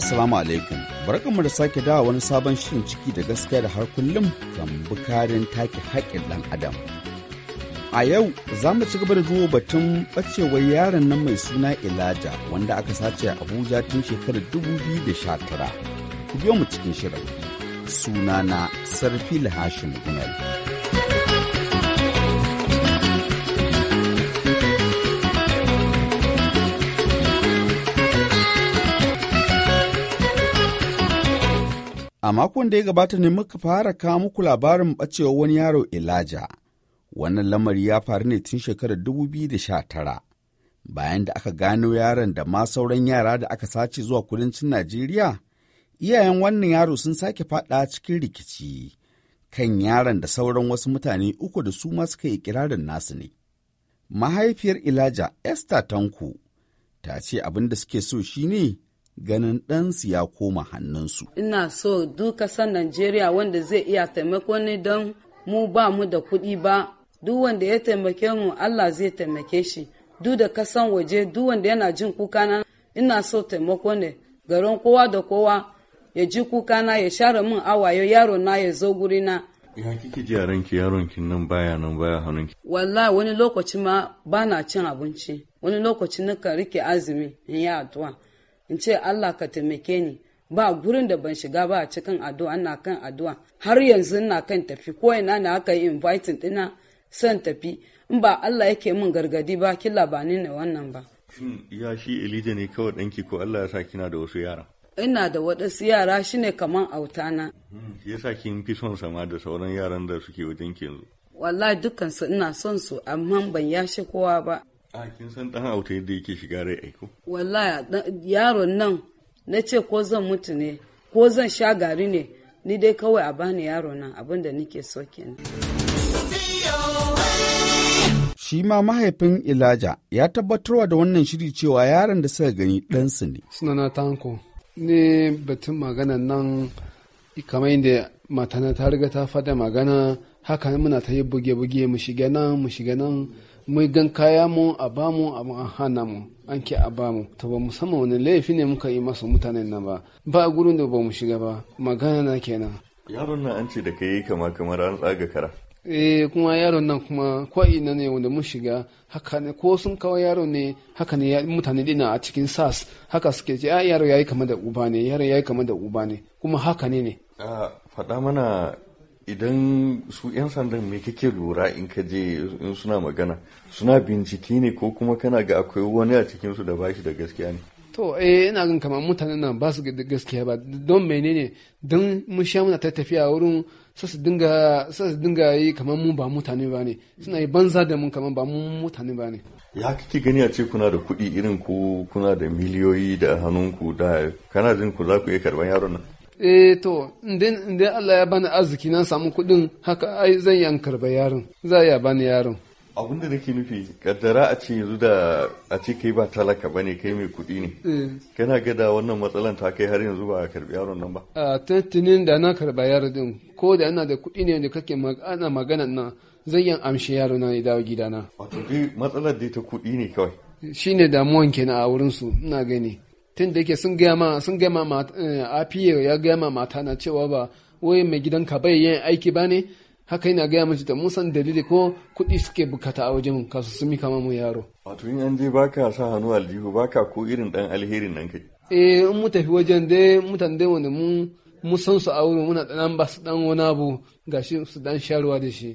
Assalamu alaikum. Barkanmu da sake dawa wani sabon shirin ciki da gaskiya da har kullum kan bukarin take haƙƙin ɗan adam. A yau za mu ci gaba da duba batun ɓacewar yaron nan mai suna Ilaja wanda aka sace a Abuja tun shekarar 2019. Ku biyo mu cikin shirin. Sunana sarfi Hashim Gunal. A makon da ya gabata ne muka fara kawo muku labarin ɓacewa wani yaro Elijah. Wannan lamari ya faru ne tun shekarar dubu biyu da sha tara. bayan da aka gano yaron da ma sauran yara da aka sace zuwa kudancin Najeriya. Iyayen wannan yaro sun sake faɗa cikin rikici kan yaron da sauran wasu mutane uku da su ma suka yi kirarin nasu ne. Mahaifiyar Elijah Esther Tanko ta ce abin da suke so shine ganin ɗansu ya koma hannunsu. Ina so duk ƙasar Najeriya wanda zai iya taimako ni don mu ba mu da kuɗi ba, duk wanda ya taimake mu Allah zai taimake shi. Duk da kasan waje duk wanda yana jin kuka na ina so taimako ne garin kowa da kowa ya ji kuka na ya share min awayo yaro na ya zo na. Ya kike ji a yaron ki nan baya nan baya ki. Wallahi wani lokaci ma bana cin abinci, wani lokaci nika rike azumi in yi addu'a. in ce Allah ka taimake ni ba gurin da ban shiga ba a cikin addu'a na kan addu'a har yanzu na kan tafi ko ina na aka yi inviting dina san tafi in ba Allah yake min gargadi ba kila ba ni ne wannan ba ya shi Elija ne kawai danki ko Allah ya sa kina da wasu yara ina da waɗansu yara shine kaman autana hmm, ya sa kin fi son sama da sauran yaran da suke wajen ki yanzu wallahi dukkan su ina son su amma ban yashe kowa ba A ah, kin san dan auta yadda yake shiga rai aiko? Wallahi yaron nan na ce ko zan mutu ne ko zan sha gari ne ni dai kawai a bani yaro nan abinda da nake so kenan. Shi ma mahaifin Ilaja ya tabbatarwa da wannan shiri cewa yaron da suka gani ɗansu ne. Sunana Tanko, ne batun magana nan kamar yadda matana ta riga ta fada magana haka muna ta yi buge-buge mu shiga nan mu shiga nan. mai gan kaya mu a bamu a hana mu an ke a bamu to ba musamman wani laifi ne muka yi masa mutanen nan ba ba a gurin da ba mu shiga ba magana na kenan yaron nan an ce da kai kama kamar an tsaga kara eh kuma yaron nan kuma kwa'i na ne wanda mun shiga haka ne ko sun kawo yaro ne haka ne mutane dina a cikin sas haka suke ce a ah, yaro yayi kama da uba ne yaro yayi kama da uba ne kuma haka ne ne a faɗa mana idan su 'yan sandan me kake lura in ka je in suna magana suna bincike ne ko kuma kana ga akwai wani a cikinsu da bashi da gaskiya ne to eh ina gan kamar mutanen nan ba su da gaskiya ba don menene don mun sha muna ta tafiya wurin su su dinga su dinga yi kamar mu ba mutane ba ne suna yi banza da mun kamar ba mu mutane ba ne ya kike gani a ce kuna da kuɗi irin ku kuna da miliyoyi da hannunku da kana jin ku za ku iya karban yaron nan E, to in Allah ya bani arziki na samu kuɗin haka ai zan yan karba yaron za ya bani yaron abin da nake nufi kaddara a ce yanzu da a ce kai ba talaka ba ne kai mai kuɗi ne eh. kana ga da wannan matsalan ta kai har yanzu ba a karbi yaron nan ba a tattunin da na karba yaron din ko da yana da kuɗi ne da kake ana magana na zan yi amshi yaron na ya dawo gidana wato dai matsalar dai ta kuɗi ne kawai shine damuwan kenan a wurin su ina gani tun da yake sun gaya ma sun gaya ma afiye eh, ya gaya ma mata na cewa ba wai mai gidanka bai yin aiki ba ne haka yana gaya mace ta musan dalili ko kuɗi suke bukata a wajen kasu su mika mu yaro. wato in an je baka sa hannu aljihu baka ko irin dan alherin nan kai. eh in mu tafi wajen dai mutan dai wani mun mu san su a wurin muna ɗan ba su ɗan wani abu gashi su dan sharuwa da shi.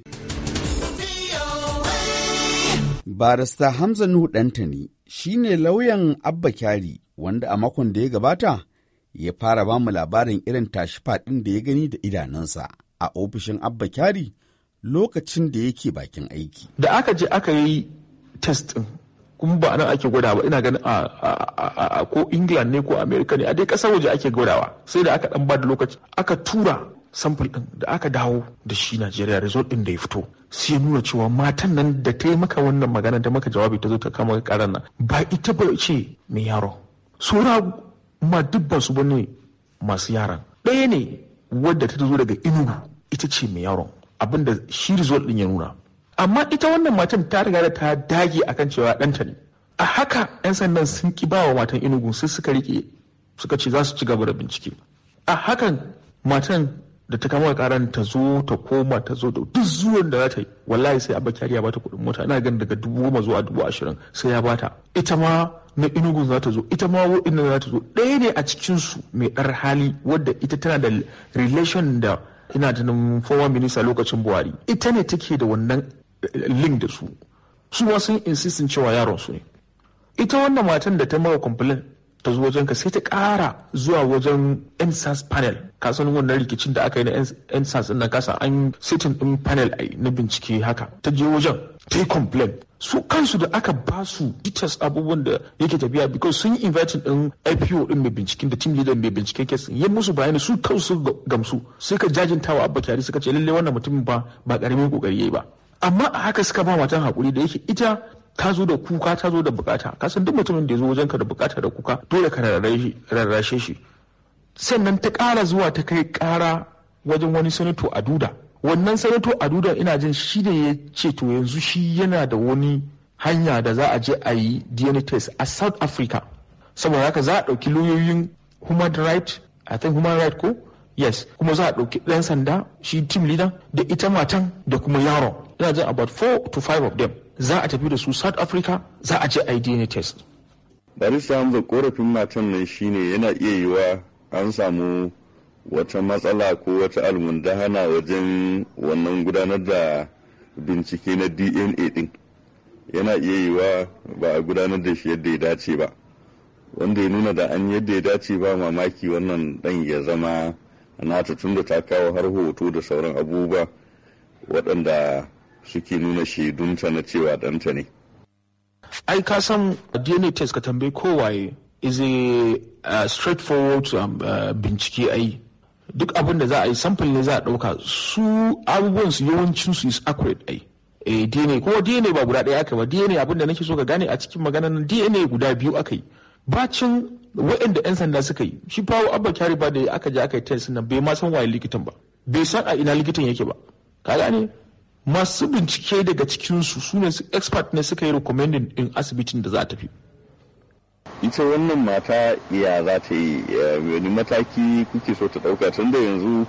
barista hamza nuhu ɗantani shine lauyan abba kyari wanda a makon da ya gabata ya fara ba mu labarin irin tashi faɗin da ya gani da idanunsa a ofishin Abba Kyari lokacin da yake bakin aiki. Da aka je aka yi test ɗin kuma ba nan ake gwadawa ina ganin a ko England ne ko America ne a dai ƙasar waje ake gwadawa sai da aka ɗan ba da lokaci aka tura sample ɗin da aka dawo da shi Najeriya result ɗin da ya fito sai ya nuna cewa matan nan da ta yi maka wannan magana da maka jawabi ta zo ta kama karan nan ba ita ba ce mai yaro sora ma duk ba su bane masu yaran ɗaya ne wadda ta zo daga inugu ita ce mai yaron abinda shi result din ya nuna amma ita wannan matan ta riga da ta dage akan cewa ɗanta ne a haka 'yan sandan sun ki bawa matan inugu sai suka rike suka ce za su ci gaba da bincike a hakan matan da ta kama karan ta zo ta koma ta zo da duk zuwan da za ta yi wallahi sai abba kyari ya bata kudin mota ina ganin daga dubu goma zuwa dubu ashirin sai ya bata ita ma na inugu za ta zo ita ma inda za ta zo ɗaya ne a cikin su mai ɗar hali wadda ita tana da relation da ina da former minista lokacin buhari ita ne take da wannan eh, link da su su ma sun insistin cewa yaron su ne ita wannan matan da ta mawa complain ta zo wajenka sai ta ƙara zuwa wajen nsas panel ka san wannan rikicin da aka yi na nsas na kasa an sitin din panel na bincike haka ta je wajen ta yi complain su kansu da aka ba su details abubuwan da yake tafiya because sun yi inviting din IPO din mai binciken da team leader mai binciken kes ya musu bayani su kansu gamsu sai ka jajintawa abba kyari suka ce lalle wannan mutumin ba ba karamin kokari yayi ba amma a haka suka ba matan hakuri da yake ita ka zo da kuka ta zo da bukata ka san duk mutumin da ya zo wajen ka da bukata da kuka dole ka rarrashe shi sannan ta kara zuwa ta kai kara wajen wani sanato a duda wannan sanato a duda ina jin shi da ya ce to yanzu shi yana da wani hanya da za a je a yi dna test a south africa saboda haka za a ɗauki lauyoyin human right i think human right ko yes kuma za a ɗauki ɗan sanda shi team leader da ita matan da kuma yaro ina jin about four to five of them za a tafi da su south africa za a je a yi dna test barista hamza korafin matan nan shine yana iya yiwa an samu wata matsala ko wata almundahana wajen wannan gudanar da bincike na dna din yana iya yiwa ba a gudanar da shi yadda ya dace ba wanda ya nuna da an yadda ya dace ba mamaki wannan dan ya zama nata tunda ta kawo har hoto da sauran abubuwa waɗanda suke nuna shaidunta na cewa ɗanta ne. Ai ka san DNA test ka tambayi kowaye is a straightforward um, uh, bincike ai duk abin da za a yi sample ne za a ɗauka su abubuwan su yawancin su is accurate ai eh DNA kuma DNA ba guda ɗaya aka ba DNA abin da nake so ka gane a cikin maganar DNA guda biyu aka yi bacin waɗanda 'yan sanda suka yi shi fawo abba kyari ba da aka je aka yi test nan bai ma san waye likitan ba bai san a ina likitan yake ba ka gane masu bincike daga cikinsu su ne expert ne suka yi recommending din asibitin da za ta fi ita wannan mata ya za ta yi wani mataki kuke so ta dauka tun da yanzu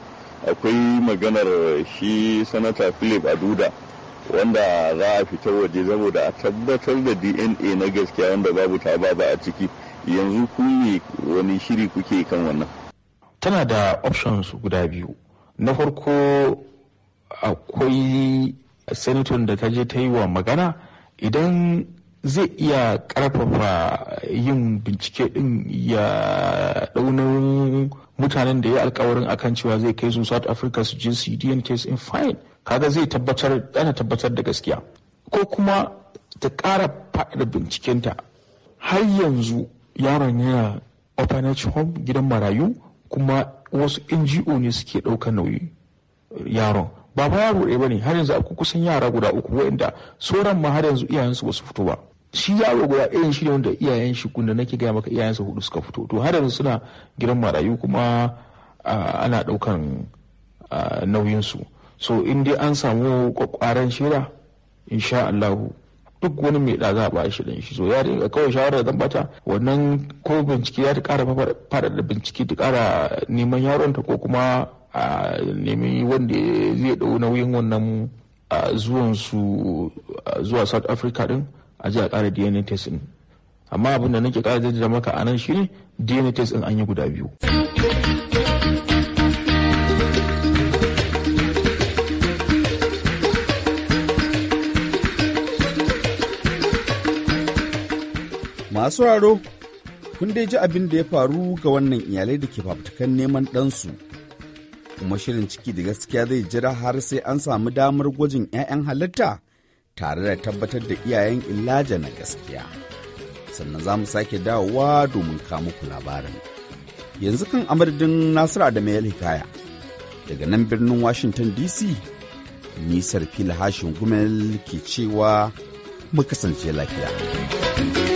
akwai maganar shi sanata philip aduda wanda za a fita waje saboda a tabbatar da dna na gaskiya wanda babu ta ba a ciki yanzu kuni wani shiri kuke kan wannan tana da options guda biyu na farko akwai senator da ta je ta yi wa magana idan zai iya karfafa yin bincike din ya daunin mutanen da ya alkawarin akan cewa zai kai su south africa su je cdn case in fine kaga zai tabbatar ana tabbatar da gaskiya ko kuma ta kara faɗaɗa bincikenta har yanzu yaron yana orphanage home gidan marayu kuma wasu ngo ne suke ɗaukar nauyi yaron ba fa yaro ɗaya bane har yanzu akwai kusan yara guda uku waɗanda sauran ma har yanzu iyayensu ba su fito ba shi yaro guda irin shi ne wanda iyayen shi kunda nake gaya maka iyayensu hudu suka fito to har yanzu suna gidan marayu kuma ana ɗaukan nauyinsu so in dai an samu kwakwaran shira insha Allahu duk wani mai da za a bashi dan shi so ya dinga kawai shawarar zan bata wannan ko bincike ya ta kara fara da bincike ta kara neman yaron ta ko kuma a nemi wanda zai ɗau nauyin wannan zuwan su zuwa south africa din a ji a ƙara dna test din amma abin da nake kara jaddada maka a nan shine dna test din an yi guda biyu masu raro kun dai ji abin da ya faru ga wannan iyalai da ke fafutukan neman ɗansu kuma shirin ciki da gaskiya zai jira har sai an samu damar gwajin 'ya'yan halitta tare da tabbatar da iyayen illaja na gaskiya sannan za mu sake dawowa domin muku labarin yanzu kan amadadin nasiru adamu hikaya daga nan birnin washington dc nisar fili hashin gumel ke cewa muka kasance lafiya.